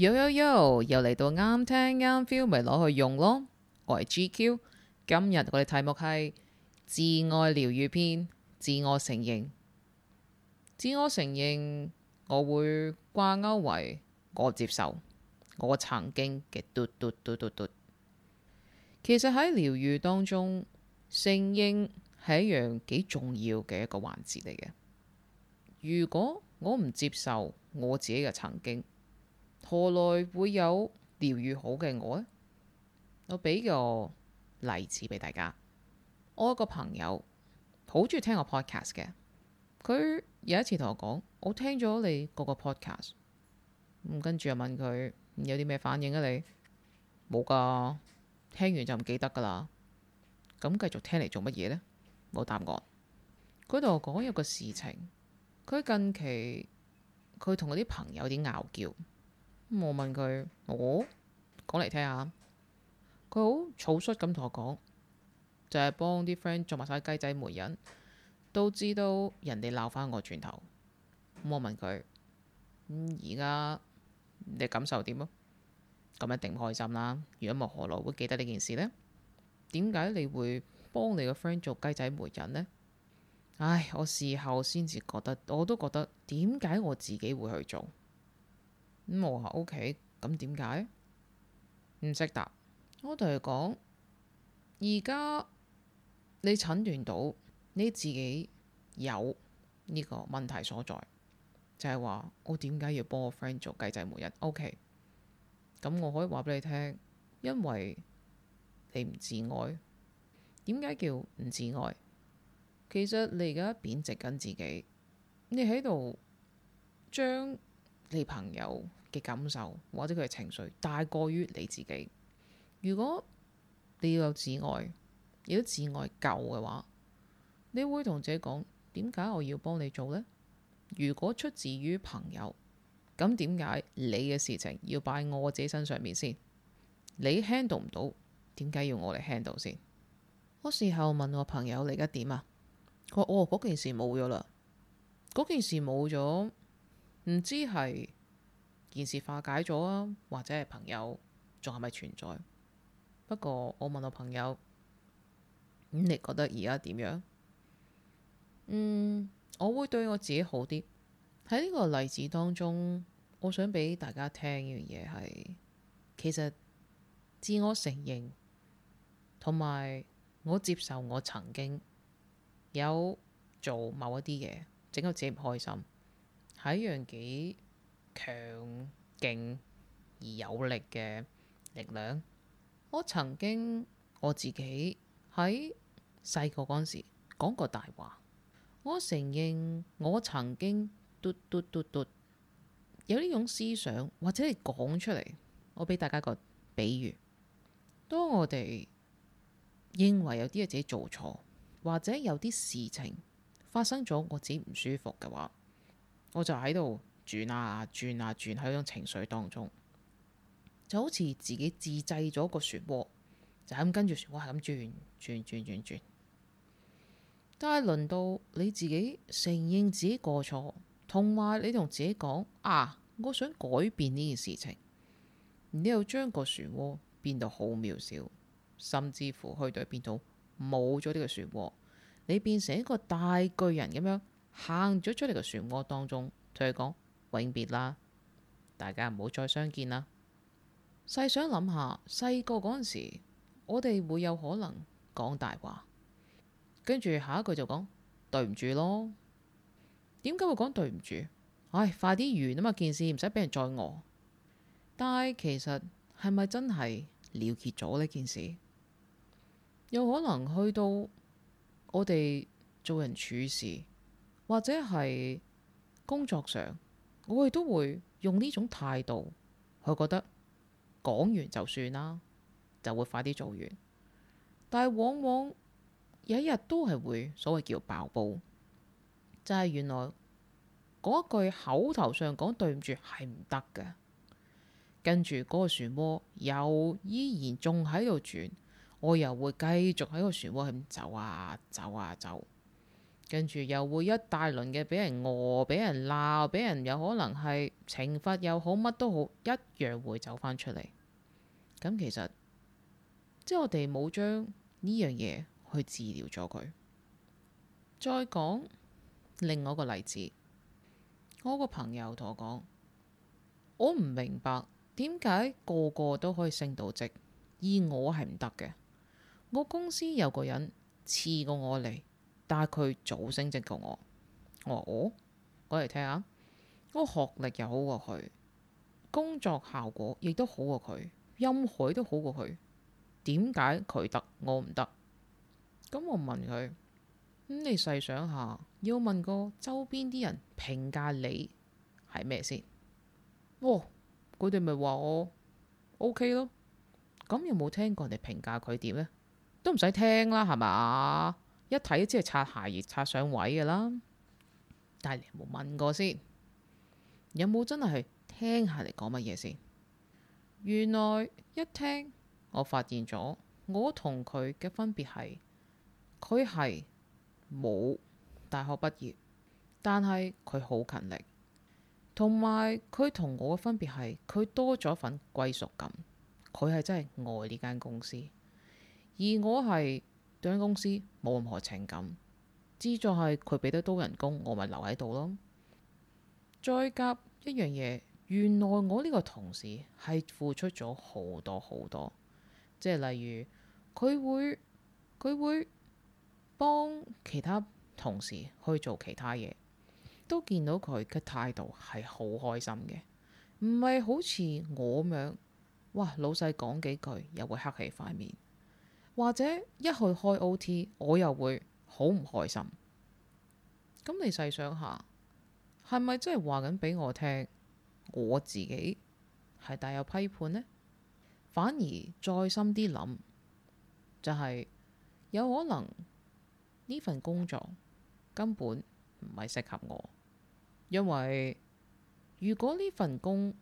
Yo yo yo，又嚟到啱聽啱 feel，咪攞去用咯。我係 GQ，今日我哋題目係自愛療癒篇，自我承認，自我承認，我會掛鈎為我接受，我曾經嘅嘟嘟嘟嘟嘟。其實喺療愈當中，承認係一樣幾重要嘅一個環節嚟嘅。如果我唔接受我自己嘅曾經，何來會有療癒好嘅我呢？我俾個例子俾大家。我有一個朋友好中意聽我 Podcast 嘅，佢有一次同我講，我聽咗你嗰個 Podcast，咁，嗯，跟住又問佢有啲咩反應啊你？你冇噶，聽完就唔記得噶啦。咁繼續聽嚟做乜嘢呢？冇答案。佢同我講有個事情，佢近期佢同嗰啲朋友啲拗叫。我問佢，我講嚟，聽下，佢好草率咁同我講，就係幫啲 friend 做埋晒雞仔媒人，都知道人哋鬧返我轉頭，嗯。我問佢，咁而家你感受點啊？咁一定唔開心啦。如果冇何來會記得呢件事呢？點解你會幫你個 friend 做雞仔媒人呢？唉，我事後先至覺得，我都覺得點解我自己會去做。咁、嗯、冇下屋企，咁點解唔識答？我同佢講，而家你診斷到你自己有呢個問題所在，就係、是、話我點解要幫我 friend 做雞仔門人？O K，咁我可以話俾你聽，因為你唔自愛，點解叫唔自愛？其實你而家貶值緊自己，你喺度將。你朋友嘅感受或者佢嘅情緒大過於你自己。如果你要有自愛，你都自愛夠嘅話，你會同自己講：點解我要幫你做呢？如果出自於朋友，咁點解你嘅事情要擺我自己身上面先？你 handle 唔到，點解要我嚟 handle 先？嗰時候問我朋友你：你而家點啊？佢話：哦，嗰件事冇咗啦，嗰件事冇咗。唔知係件事化解咗啊，或者係朋友仲係咪存在？不過我問我朋友，咁你覺得而家點樣？嗯，我會對我自己好啲。喺呢個例子當中，我想俾大家聽呢樣嘢係，其實自我承認同埋我接受我曾經有做某一啲嘢，整到自己唔開心。係一樣幾強勁而有力嘅力量。我曾經我自己喺細個嗰陣時講過大話。我承認我曾經嘟嘟嘟嘟有呢種思想，或者你講出嚟。我俾大家個比喻：當我哋認為有啲嘢自己做錯，或者有啲事情發生咗，我自己唔舒服嘅話。我就喺度轉啊轉啊轉喺嗰種情緒當中，就好似自己自製咗個漩渦，就咁跟住漩渦係咁轉轉轉轉轉。但係輪到你自己承認自己過錯，同埋你同自己講啊，我想改變呢件事情。你又將個漩渦變到好渺小，甚至乎去到變到冇咗呢個漩渦，你變成一個大巨人咁樣。行咗出嚟，個漩渦當中，同佢講永別啦，大家唔好再相見啦。細想諗下，細個嗰陣時，我哋會有可能講大話，跟住下一句就講對唔住咯。點解會講對唔住？唉，快啲完啊嘛，件事唔使俾人再餓。但係其實係咪真係了結咗呢件事？有可能去到我哋做人處事。或者係工作上，我哋都會用呢種態度，去覺得講完就算啦，就會快啲做完。但係往往有一日都係會所謂叫爆煲，就係原來嗰句口頭上講對唔住係唔得嘅，跟住嗰個漩渦又依然仲喺度轉，我又會繼續喺個漩渦咁走啊走啊走。跟住又會一大輪嘅俾人餓，俾人鬧，俾人有可能係懲罰又好，乜都好，一樣會走翻出嚟。咁其實即係我哋冇將呢樣嘢去治療咗佢。再講另外一個例子，我個朋友同我講：我唔明白點解個個都可以升到職，而我係唔得嘅。我公司有個人次過我嚟。但係佢早升職過我，我、哦、我講嚟聽下，我學歷又好過佢，工作效果亦都好過佢，音海都好過佢，點解佢得我唔得？咁我問佢，咁、嗯、你細想下，要問個周邊啲人評價你係咩先？哦，佢哋咪話我 OK 咯，咁有冇聽過人哋評價佢點咧？都唔使聽啦，係嘛？一睇即係擦鞋而擦上位嘅啦，但係你有冇問過先？有冇真係聽下你講乜嘢先？原來一聽，我發現咗我同佢嘅分別係，佢係冇大學畢業，但係佢好勤力，同埋佢同我嘅分別係，佢多咗份歸屬感，佢係真係愛呢間公司，而我係。對間公司冇任何情感，只要係佢俾得多人工，我咪留喺度咯。再夾一樣嘢，原來我呢個同事係付出咗好多好多，即係例如佢會佢會幫其他同事去做其他嘢，都見到佢嘅態度係好開心嘅，唔係好似我咁樣，哇，老細講幾句又會黑起塊面。或者一去開 O.T. 我又會好唔開心。咁你細想下，係咪真係話緊俾我聽？我自己係大有批判呢，反而再深啲諗，就係有可能呢份工作根本唔係適合我。因為如果呢份工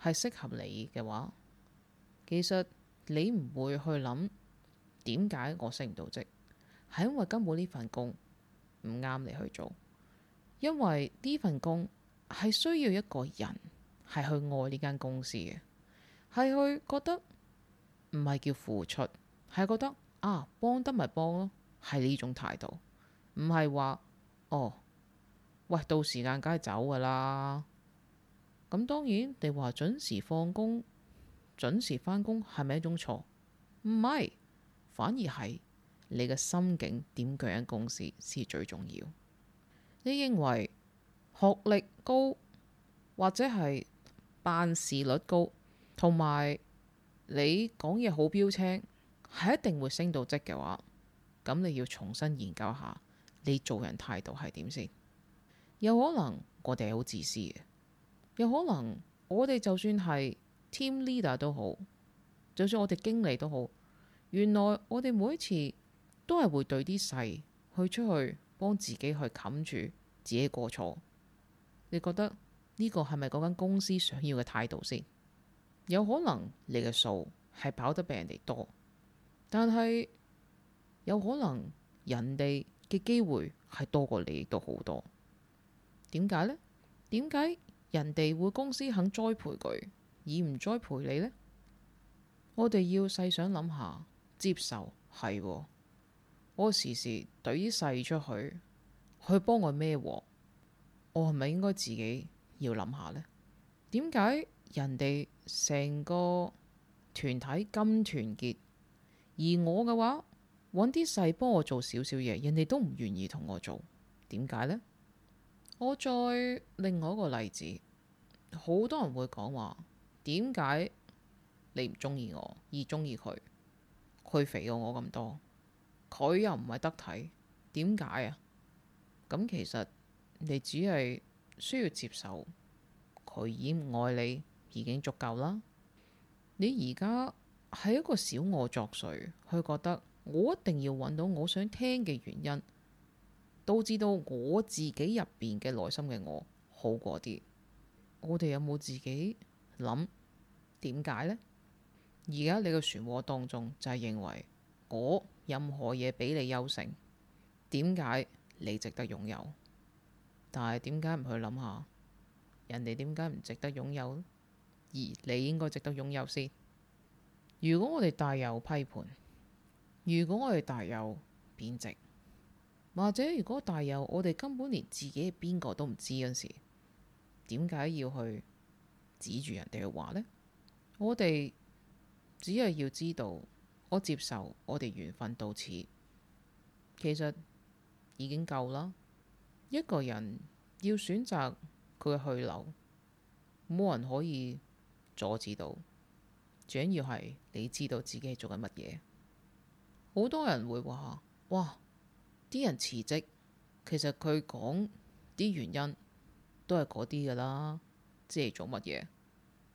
係適合你嘅話，其實你唔會去諗。點解我升唔到職？係因為根本呢份工唔啱你去做，因為呢份工係需要一個人係去愛呢間公司嘅，係去覺得唔係叫付出，係覺得啊幫得咪幫咯，係呢種態度，唔係話哦喂，到時間梗係走噶啦。咁當然你話準時放工、準時翻工係咪一種錯？唔係。反而係你嘅心境點樣喺公司先最重要。你認為學歷高或者係辦事率高，同埋你講嘢好標青係一定會升到職嘅話，咁你要重新研究下你做人態度係點先。有可能我哋好自私嘅，有可能我哋就算係 team leader 都好，就算我哋經理都好。原來我哋每一次都係會對啲細去出去幫自己去冚住自己嘅過錯。你覺得呢個係咪嗰間公司想要嘅態度先？有可能你嘅數係跑得比人哋多，但係有可能人哋嘅機會係多過你都好多。點解呢？點解人哋會公司肯栽培佢而唔栽培你呢？我哋要細想諗下。接受係、哦、我時時懟啲細出去，去幫我孭鑊，我係咪應該自己要諗下呢？點解人哋成個團體咁團結，而我嘅話，揾啲細幫我做少少嘢，人哋都唔願意同我做，點解呢？我再另外一個例子，好多人會講話，點解你唔中意我而中意佢？佢肥過我咁多，佢又唔係得體，點解啊？咁其實你只係需要接受佢已唔愛你已經足夠啦。你而家係一個小我作祟，佢覺得我一定要揾到我想聽嘅原因，導致到我自己入邊嘅內心嘅我好過啲。我哋有冇自己諗點解呢？而家你個漩渦當中就係認為我任何嘢比你優勝，點解你值得擁有？但係點解唔去諗下人哋點解唔值得擁有，而你應該值得擁有先？如果我哋大有批判，如果我哋大有貶值，或者如果大有我哋根本連自己係邊個都唔知嗰陣時，點解要去指住人哋去話呢？我哋。只係要知道，我接受我哋緣分到此，其實已經夠啦。一個人要選擇佢嘅去留，冇人可以阻止到。最緊要係你知道自己係做緊乜嘢。好多人會話，哇！啲人辭職，其實佢講啲原因都係嗰啲噶啦，即係做乜嘢？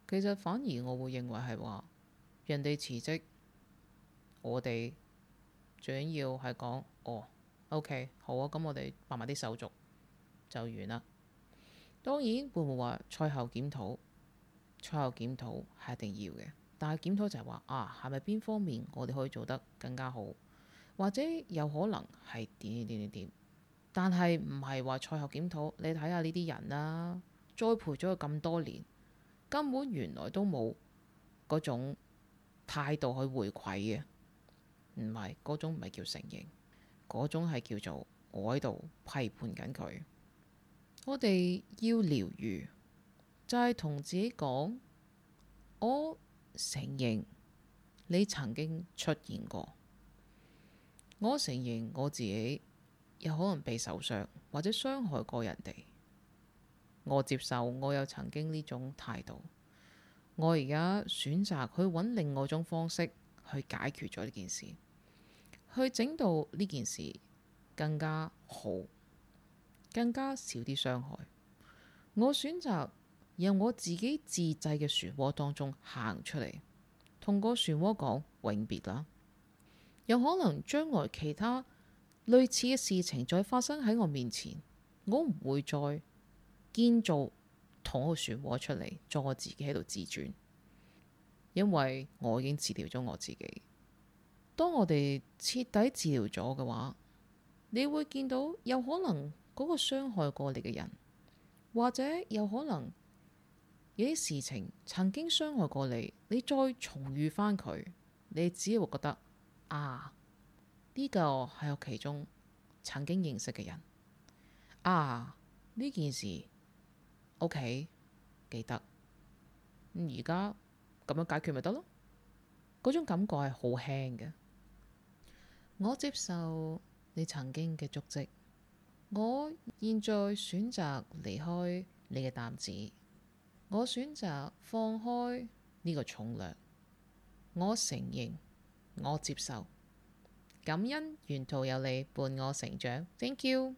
其實反而我會認為係話。人哋辭職，我哋最緊要係講哦，OK 好啊。咁我哋辦埋啲手續就完啦。當然會唔會話賽後檢討？賽後檢討係一定要嘅，但係檢討就係話啊，係咪邊方面我哋可以做得更加好？或者有可能係點點點點點，但係唔係話賽後檢討。你睇下呢啲人啦、啊，栽培咗佢咁多年，根本原來都冇嗰種。態度去回饋嘅，唔係嗰種，唔係叫承認，嗰種係叫做我喺度批判緊佢。我哋要療癒，就係同自己講：我承認你曾經出現過，我承認我自己有可能被受傷或者傷害過人哋，我接受我有曾經呢種態度。我而家選擇去搵另外種方式去解決咗呢件事，去整到呢件事更加好，更加少啲傷害。我選擇由我自己自製嘅漩渦當中行出嚟，同個漩渦講永別啦。有可能將來其他類似嘅事情再發生喺我面前，我唔會再建造。捅個漩渦出嚟，做我自己喺度自轉，因為我已經治療咗我自己。當我哋徹底治療咗嘅話，你會見到有可能嗰個傷害過你嘅人，或者有可能有啲事情曾經傷害過你，你再重遇翻佢，你只會覺得啊，呢、這個係我其中曾經認識嘅人啊，呢件事。O.K. 記得而家咁樣解決咪得咯？嗰種感覺係好輕嘅。我接受你曾經嘅足跡，我現在選擇離開你嘅擔子，我選擇放開呢個重量，我承認，我接受。感恩沿途有你伴我成長。Thank you。